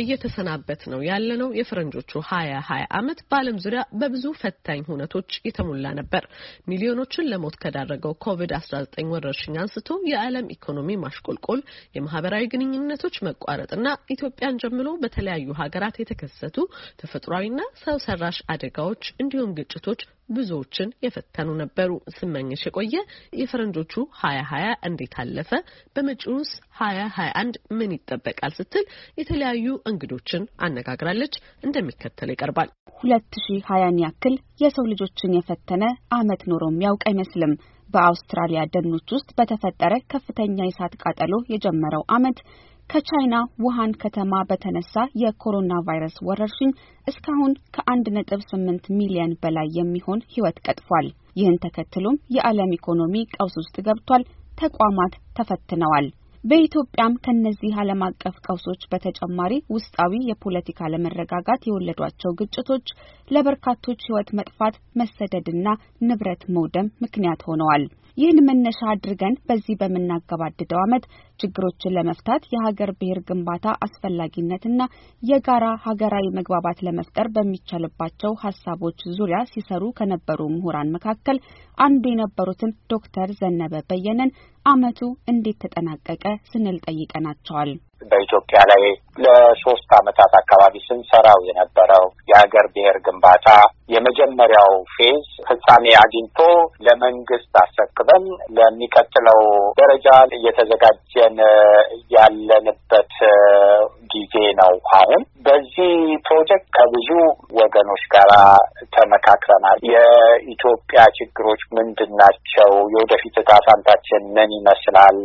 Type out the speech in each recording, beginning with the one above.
እየተሰናበት ነው ያለነው የፈረንጆቹ ሀያ ሀያ አመት በዓለም ዙሪያ በብዙ ፈታኝ ሁነቶች የተሞላ ነበር። ሚሊዮኖችን ለሞት ከዳረገው ኮቪድ አስራ ዘጠኝ ወረርሽኝ አንስቶ የዓለም ኢኮኖሚ ማሽቆልቆል፣ የማህበራዊ ግንኙነቶች መቋረጥና ኢትዮጵያን ጀምሮ በተለያዩ ሀገራት የተከሰቱ ተፈጥሯዊና ሰው ሰራሽ አደጋዎች እንዲሁም ግጭቶች ብዙዎችን የፈተኑ ነበሩ። ስመኝሽ የቆየ የፈረንጆቹ ሀያ ሀያ እንዴት አለፈ? በመጪውስ ሀያ ሀያ አንድ ምን ይጠበቃል? ስትል የተለያዩ እንግዶችን አነጋግራለች። እንደሚከተል ይቀርባል። ሁለት ሺ ሀያን ያክል የሰው ልጆችን የፈተነ አመት ኖሮ የሚያውቅ አይመስልም። በአውስትራሊያ ደኖች ውስጥ በተፈጠረ ከፍተኛ የእሳት ቃጠሎ የጀመረው አመት ከቻይና ውሃን ከተማ በተነሳ የኮሮና ቫይረስ ወረርሽኝ እስካሁን ከ1.8 ሚሊዮን በላይ የሚሆን ሕይወት ቀጥፏል። ይህን ተከትሎም የዓለም ኢኮኖሚ ቀውስ ውስጥ ገብቷል። ተቋማት ተፈትነዋል። በኢትዮጵያም ከነዚህ ዓለም አቀፍ ቀውሶች በተጨማሪ ውስጣዊ የፖለቲካ ለመረጋጋት የወለዷቸው ግጭቶች ለበርካቶች ሕይወት መጥፋት መሰደድና ንብረት መውደም ምክንያት ሆነዋል። ይህን መነሻ አድርገን በዚህ በምናገባድደው ዓመት ችግሮችን ለመፍታት የሀገር ብሔር ግንባታ አስፈላጊነትና የጋራ ሀገራዊ መግባባት ለመፍጠር በሚቻልባቸው ሀሳቦች ዙሪያ ሲሰሩ ከነበሩ ምሁራን መካከል አንዱ የነበሩትን ዶክተር ዘነበ በየነን ዓመቱ እንዴት ተጠናቀቀ ስንል ጠይቀናቸዋል። በኢትዮጵያ ላይ ለሶስት አመታት አካባቢ ስንሰራው የነበረው የሀገር ብሔር ግንባታ የመጀመሪያው ፌዝ ፍጻሜ አግኝቶ ለመንግስት አስረክበን ለሚቀጥለው ደረጃ እየተዘጋጀን ያለንበት ጊዜ ነው። አሁን በዚህ ፕሮጀክት ከብዙ ወገኖች ጋር ተመካክረናል። የኢትዮጵያ ችግሮች ምንድን ናቸው? የወደፊት ዕጣ ፈንታችን ምን ይመስላል?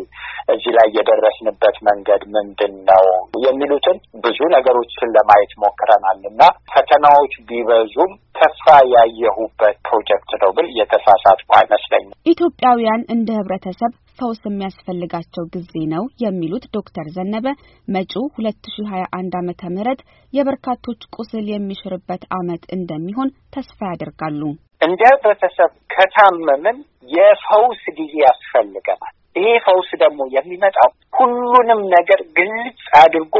እዚህ ላይ የደረስንበት መንገድ ምንድን ነው? የሚሉትን ብዙ ነገሮችን ለማየት ሞክረናል እና ፈተናዎች ቢበዙም ተስፋ ያየሁበት ፕሮጀክት ነው ብል የተሳሳትኩ አይመስለኝም። ኢትዮጵያውያን እንደ ህብረተሰብ ፈውስ የሚያስፈልጋቸው ጊዜ ነው የሚሉት ዶክተር ዘነበ መጪው 2021 ዓመተ ምህረት የበርካቶች ቁስል የሚሽርበት ዓመት እንደሚሆን ተስፋ ያደርጋሉ። እንደ ህብረተሰብ ከታመምን የፈውስ ጊዜ ያስፈልገናል። ይሄ ፈውስ ደግሞ የሚመጣው ሁሉንም ነገር ግልጽ አድርጎ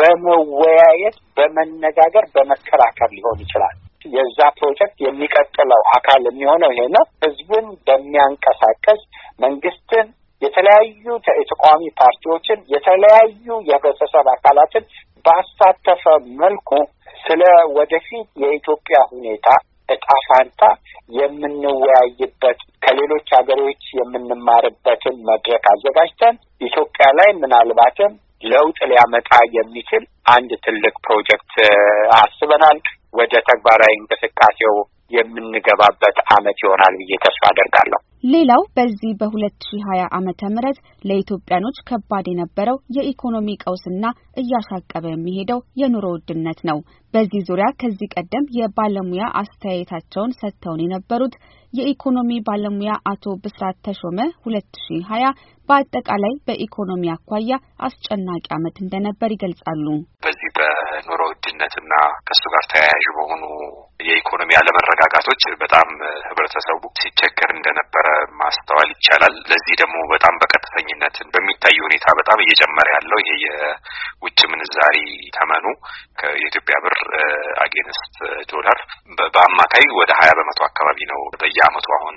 በመወያየት፣ በመነጋገር፣ በመከራከር ሊሆን ይችላል። የዛ ፕሮጀክት የሚቀጥለው አካል የሚሆነው ይሄ ነው። ህዝቡን በሚያንቀሳቀስ መንግስትን፣ የተለያዩ የተቃዋሚ ፓርቲዎችን፣ የተለያዩ የህብረተሰብ አካላትን ባሳተፈ መልኩ ስለ ወደፊት የኢትዮጵያ ሁኔታ እጣ ፋንታ የምንወያይበት ከሌሎች ሀገሮች የምንማርበትን መድረክ አዘጋጅተን ኢትዮጵያ ላይ ምናልባትም ለውጥ ሊያመጣ የሚችል አንድ ትልቅ ፕሮጀክት አስበናል። ወደ ተግባራዊ እንቅስቃሴው የምንገባበት አመት ይሆናል ብዬ ተስፋ አደርጋለሁ። ሌላው በዚህ በ ሀያ ዓመተ ምህረት ለኢትዮጵያኖች ከባድ የነበረው የኢኮኖሚ ቀውስና እያሻቀበ የሚሄደው የኑሮ ውድነት ነው። በዚህ ዙሪያ ከዚህ ቀደም የባለሙያ አስተያየታቸውን ሰጥተውን የነበሩት የኢኮኖሚ ባለሙያ አቶ ብስራት ተሾመ ሀያ በአጠቃላይ በኢኮኖሚ አኳያ አስጨናቂ ዓመት እንደነበር ይገልጻሉ። በዚህ ኑሮ ውድነትና ከሱ ጋር ተያያዥ በሆኑ የኢኮኖሚ አለመረጋጋቶች በጣም ህብረተሰቡ ሲቸገር እንደነበረ ማስተዋል ይቻላል። ለዚህ ደግሞ በጣም በቀጥተኝነት በሚታይ ሁኔታ በጣም እየጨመረ ያለው ይሄ የውጭ ምንዛሪ ተመኑ ከኢትዮጵያ ብር አጌንስት ዶላር በአማካይ ወደ ሀያ በመቶ አካባቢ ነው በየአመቱ አሁን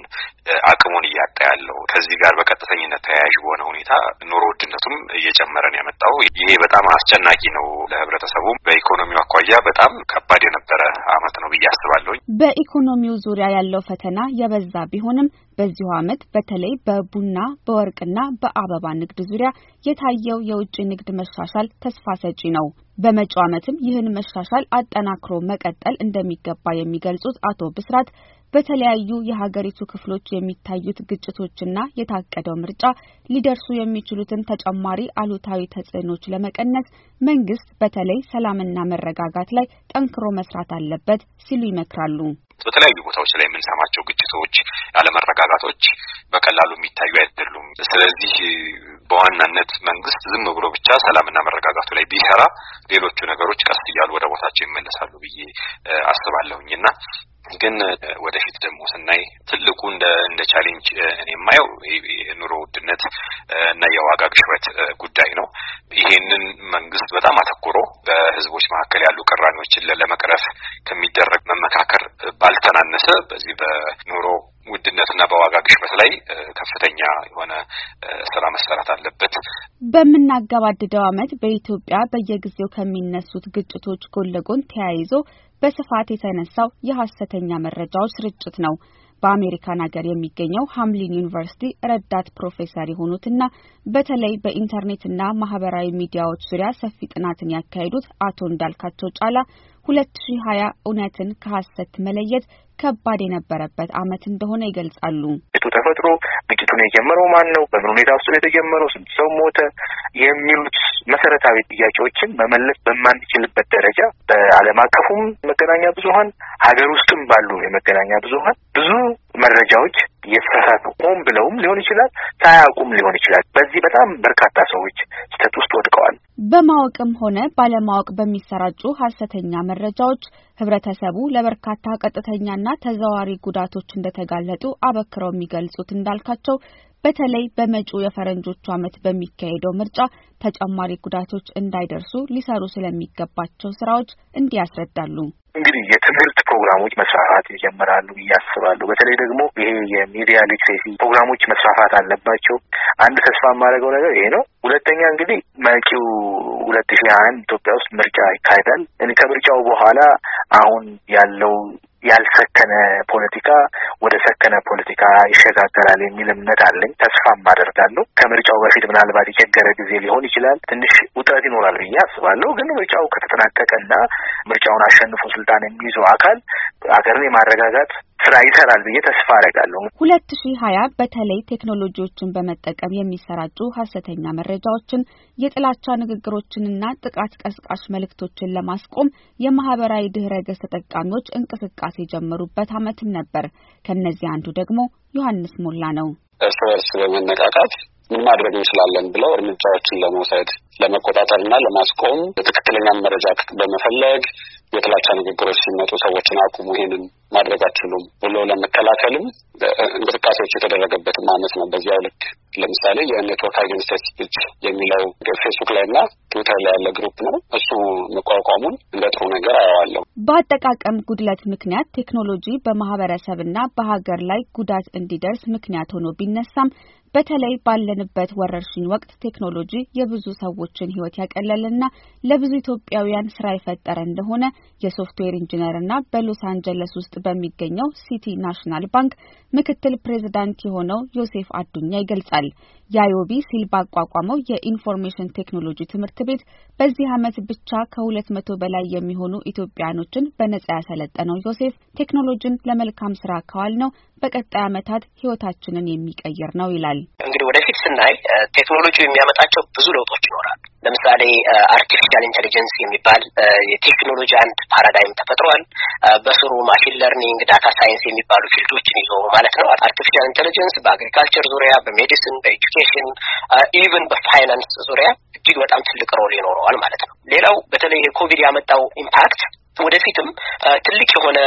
አቅሙን እያጣ ያለው። ከዚህ ጋር በቀጥተኝነት ተያያዥ በሆነ ሁኔታ ኑሮ ውድነቱም እየጨመረ ነው ያመጣው። ይሄ በጣም አስጨናቂ ነው። ለህብረተሰቡም በኢኮኖሚው አኳያ በጣም ከባድ የነበረ አመት ነው ብዬ አስባለሁኝ። በኢኮኖሚው ዙሪያ ያለው ፈተና የበዛ ቢሆንም በዚሁ አመት በተለይ በቡና በወርቅና በአበባ ንግድ ዙሪያ የታየው የውጭ ንግድ መሻሻል ተስፋ ሰጪ ነው። በመጪው አመትም ይህን መሻሻል አጠናክሮ መቀጠል እንደሚገባ የሚገልጹት አቶ ብስራት በተለያዩ የሀገሪቱ ክፍሎች የሚታዩት ግጭቶችና የታቀደው ምርጫ ሊደርሱ የሚችሉትን ተጨማሪ አሉታዊ ተጽዕኖች ለመቀነስ መንግስት በተለይ ሰላምና መረጋጋት ላይ ጠንክሮ መስራት አለበት ሲሉ ይመክራሉ። በተለያዩ ቦታዎች ላይ የምንሰማቸው ግጭቶች፣ አለመረጋጋቶች በቀላሉ የሚታዩ አይደሉም። ስለዚህ በዋናነት መንግስት ዝም ብሎ ብቻ ሰላምና መረጋጋቱ ላይ ቢሰራ ሌሎቹ ነገሮች ቀስ እያሉ ወደ ቦታቸው ይመለሳሉ ብዬ አስባለሁኝ እና ግን ወደፊት ደግሞ ስናይ ትልቁ እንደ እንደ ቻሌንጅ እኔ የማየው የኑሮ ውድነት እና የዋጋ ግሽበት ጉዳይ ነው። ይሄንን መንግስት በጣም አተኩሮ በህዝቦች መካከል ያሉ ቅራኔዎችን ለመቅረፍ ከሚደረግ መመካከር ባልተናነሰ በዚህ በኑሮ ውድነትና በዋጋ ግሽበት ላይ ከፍተኛ የሆነ ስራ መሰራት አለበት። በምናገባድደው አመት በኢትዮጵያ በየጊዜው ከሚነሱት ግጭቶች ጎን ለጎን ተያይዞ በስፋት የተነሳው የሐሰተኛ መረጃዎች ስርጭት ነው። በአሜሪካን ሀገር የሚገኘው ሀምሊን ዩኒቨርሲቲ ረዳት ፕሮፌሰር የሆኑትና በተለይ በኢንተርኔትና ማህበራዊ ሚዲያዎች ዙሪያ ሰፊ ጥናትን ያካሄዱት አቶ እንዳልካቸው ጫላ 2020 ሺ ሀያ እውነትን ከሀሰት መለየት ከባድ የነበረበት ዓመት እንደሆነ ይገልጻሉ። ግጭቱ ተፈጥሮ ግጭቱን የጀመረው ማን ነው? በምን ሁኔታ ውስጥ ነው የተጀመረው? ስንት ሰው ሞተ? የሚሉት መሰረታዊ ጥያቄዎችን መመለስ በማንችልበት ደረጃ በዓለም አቀፉም መገናኛ ብዙኃን ሀገር ውስጥም ባሉ የመገናኛ ብዙኃን ብዙ መረጃዎች የተሳሳቱ ሆን ብለውም ሊሆን ይችላል፣ ሳያውቁም ሊሆን ይችላል። በዚህ በጣም በርካታ ሰዎች ስህተት ውስጥ ወድቀዋል። በማወቅም ሆነ ባለማወቅ በሚሰራጩ ሀሰተኛ መረጃዎች ህብረተሰቡ ለበርካታ ቀጥተኛና ተዘዋዋሪ ጉዳቶች እንደተጋለጡ አበክረው የሚገልጹት እንዳልካቸው በተለይ በመጪው የፈረንጆቹ ዓመት በሚካሄደው ምርጫ ተጨማሪ ጉዳቶች እንዳይደርሱ ሊሰሩ ስለሚገባቸው ስራዎች እንዲህ ያስረዳሉ። እንግዲህ የትምህርት ፕሮግራሞች መስፋፋት ይጀምራሉ ብዬ አስባለሁ። በተለይ ደግሞ ይሄ የሚዲያ ሊትሬሲ ፕሮግራሞች መስፋፋት አለባቸው። አንድ ተስፋ የማደርገው ነገር ይሄ ነው። ሁለተኛ እንግዲህ መጪው ሁለት ሺህ አንድ ኢትዮጵያ ውስጥ ምርጫ ይካሄዳል። ከምርጫው በኋላ አሁን ያለው ያልሰከነ ፖለቲካ ወደ ሰከነ ፖለቲካ ይሸጋገራል የሚል እምነት አለኝ። ተስፋም አደርጋለሁ። ከምርጫው በፊት ምናልባት የቸገረ ጊዜ ሊሆን ይችላል። ትንሽ ውጥረት ይኖራል ብዬ አስባለሁ። ግን ምርጫው እና ምርጫውን አሸንፎ ስልጣን የሚይዘው አካል አገርን የማረጋጋት ስራ ይሰራል ብዬ ተስፋ አደርጋለሁ። ሁለት ሺህ ሀያ በተለይ ቴክኖሎጂዎችን በመጠቀም የሚሰራጩ ሀሰተኛ መረጃዎችን የጥላቻ ንግግሮችንና ጥቃት ቀስቃሽ መልእክቶችን ለማስቆም የማህበራዊ ድህረ ገጽ ተጠቃሚዎች እንቅስቃሴ የጀመሩበት አመትም ነበር። ከእነዚህ አንዱ ደግሞ ዮሐንስ ሞላ ነው። እርስ በርስ በመነቃቃት ምን ማድረግ እንችላለን ብለው እርምጃዎችን ለመውሰድ ለመቆጣጠርና ለማስቆም ትክክለኛ መረጃ በመፈለግ የጥላቻ ንግግሮች ሲመጡ ሰዎችን አቁሙ፣ ይሄንን ማድረግ አትችሉም ብሎ ለመከላከልም እንቅስቃሴዎች የተደረገበትም አመት ነው። በዚያው ልክ ለምሳሌ የኔትወርክ አጌንስት ስፒች የሚለው ፌስቡክ ላይ እና ትዊተር ላይ ያለ ግሩፕ ነው። እሱ መቋቋሙን እንደ ጥሩ ነገር አየዋለሁ። በአጠቃቀም ጉድለት ምክንያት ቴክኖሎጂ በማህበረሰብና በሀገር ላይ ጉዳት እንዲደርስ ምክንያት ሆኖ ቢነሳም በተለይ ባለንበት ወረርሽኝ ወቅት ቴክኖሎጂ የብዙ ሰዎች ወጣቶችን ህይወት ያቀለለና ለብዙ ኢትዮጵያውያን ስራ የፈጠረ እንደሆነ የሶፍትዌር ኢንጂነርና በሎስ አንጀለስ ውስጥ በሚገኘው ሲቲ ናሽናል ባንክ ምክትል ፕሬዚዳንት የሆነው ዮሴፍ አዱኛ ይገልጻል። የአዮቢ ሲል ባቋቋመው የኢንፎርሜሽን ቴክኖሎጂ ትምህርት ቤት በዚህ ዓመት ብቻ ከሁለት መቶ በላይ የሚሆኑ ኢትዮጵያኖችን በነጻ ያሰለጠነው ዮሴፍ ቴክኖሎጂን ለመልካም ስራ ካዋል ነው በቀጣይ ዓመታት ህይወታችንን የሚቀይር ነው ይላል። እንግዲህ ወደፊት ስናይ ቴክኖሎጂ የሚያመጣቸው ብዙ ለውጦች ይኖራሉ። ለምሳሌ አርቲፊሻል ኢንቴሊጀንስ የሚባል የቴክኖሎጂ አንድ ፓራዳይም ተፈጥሯል። በስሩ ማሽን ለርኒንግ፣ ዳታ ሳይንስ የሚባሉ ፊልዶችን ይዞ ማለት ነው። አርቲፊሻል ኢንቴሊጀንስ በአግሪካልቸር ዙሪያ፣ በሜዲሲን፣ በኤጁኬሽን ኢቨን በፋይናንስ ዙሪያ እጅግ በጣም ትልቅ ሮል ይኖረዋል ማለት ነው። ሌላው በተለይ የኮቪድ ያመጣው ኢምፓክት ወደፊትም ትልቅ የሆነ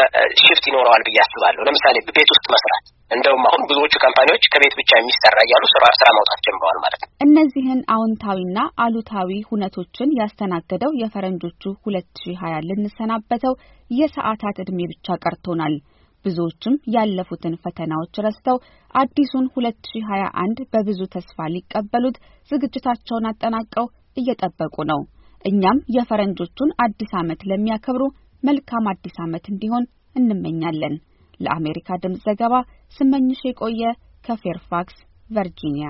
ሽፍት ይኖረዋል ብዬ አስባለሁ። ለምሳሌ ቤት ውስጥ መስራት እንደውም አሁን ብዙዎቹ ካምፓኒዎች ከቤት ብቻ የሚሰራ እያሉ ስራ ስራ ማውጣት ጀምረዋል ማለት ነው። እነዚህን አዎንታዊና አሉታዊ ሁነቶችን ያስተናገደው የፈረንጆቹ ሁለት ሺህ ሀያ ልንሰናበተው የሰዓታት እድሜ ብቻ ቀርቶናል። ብዙዎችም ያለፉትን ፈተናዎች ረስተው አዲሱን ሁለት ሺህ ሀያ አንድ በብዙ ተስፋ ሊቀበሉት ዝግጅታቸውን አጠናቀው እየጠበቁ ነው። እኛም የፈረንጆቹን አዲስ ዓመት ለሚያከብሩ መልካም አዲስ ዓመት እንዲሆን እንመኛለን። ለአሜሪካ ድምፅ ዘገባ ስመኝሽ የቆየ ከፌርፋክስ ቨርጂኒያ